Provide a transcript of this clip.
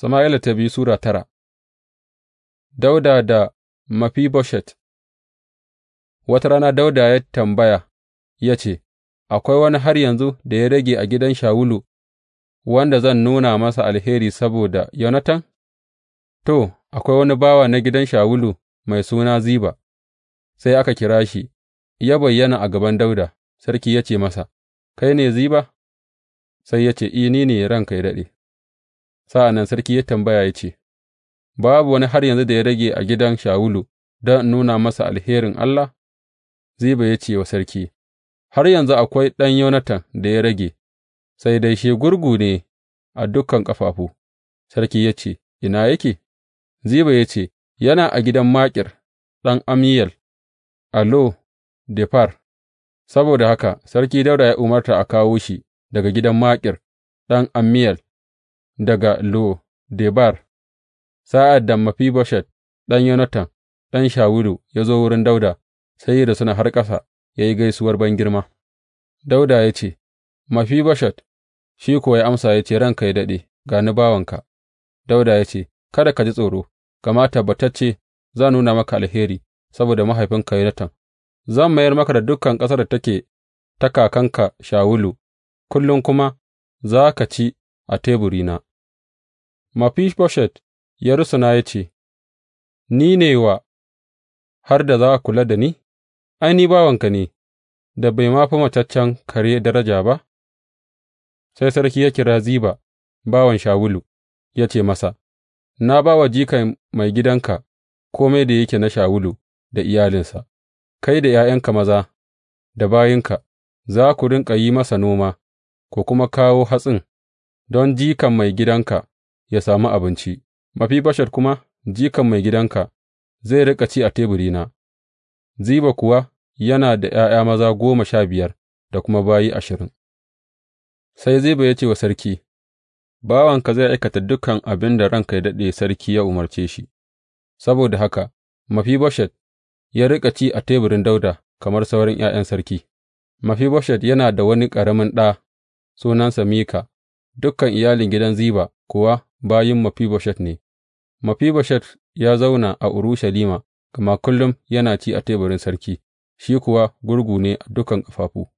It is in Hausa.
Sama'ila ta biyu Sura tara Dauda da Mafiboshet Wata rana Dauda ya tambaya ya ce, Akwai wani har yanzu da ya rage a gidan Shawulu wanda zan nuna masa alheri saboda Yonatan? To, akwai wani bawa na gidan Shawulu mai suna Ziba, sai aka kira shi, ya bayyana a gaban Dauda, sarki ya ce masa, Kai ne Ziba? Sai ya ce, I, ni ne ranka ya daɗe. Sa'an nan sarki ya tambaya ya ce, Babu wani har yanzu da ya rage a gidan Shawulu don nuna masa alherin Allah? Ziba ya ce wa sarki, Har yanzu akwai ɗan Yonatan da ya rage, sai dai shi gurgu ne a dukan ƙafafu. Sarki ya ce, Ina yake? Ziba ya ce, Yana a gidan Makir ɗan Amiyel a Lo Defar, saboda haka sarki Dauda ya umarta a kawo shi daga gidan Makir ɗan Amiyel. daga Lo Debar sa'ad da Mefiboshet ɗan Yonatan, ɗan Shawulu ya zo wurin Dauda, sai ya suna har ƙasa ya yi gaisuwar bangirma. Dauda ya ce, Mefiboshet, shi kuwa ya amsa ya ce, Ranka ya daɗe, ga ni bawanka. Dauda ya ce, Kada ka ji tsoro, gama tabbatacce zan nuna maka alheri saboda mahaifinka Yonatan, zan mayar maka da dukan ƙasar da take ta kakanka Shawulu, kullum kuma za ka ci a teburina. Mafishboshet ya rusuna ya ce, Ni ne wa har da za a kula da ni, ai, ni bawanka ne, da bai ma mataccen kare daraja ba? Sai sarki ya kira Ziba, bawan Shawulu, ya ce masa, Na ba wa jikan gidanka kome da yake na Shawulu da iyalinsa, kai da ’ya'yanka maza da bayinka, za ku rinƙa yi masa noma, ku kuma kawo hatsin don jikan mai gidanka. ya sami abinci, Mefiboshet kuma, jikan gidanka. zai riƙa ci a teburina, Ziba kuwa yana da ’ya'ya maza goma sha biyar da kuma bayi ashirin. Sai Ziba ya ce wa sarki, Bawanka zai aikata dukan abin da ranka ya daɗe sarki ya umarce shi, saboda haka Mefiboshet ya riƙa ci a teburin Dauda kamar sauran ’ya'yan sarki. Mefiboshet yana da wani ƙaramin ɗa sunansa Mika, dukan iyalin gidan Ziba kuwa bayin Mefiboshet ne, Mefiboshet ya zauna a Urushalima, gama kullum yana ci a teburin sarki, shi kuwa gurgu ne a dukan ƙafafu.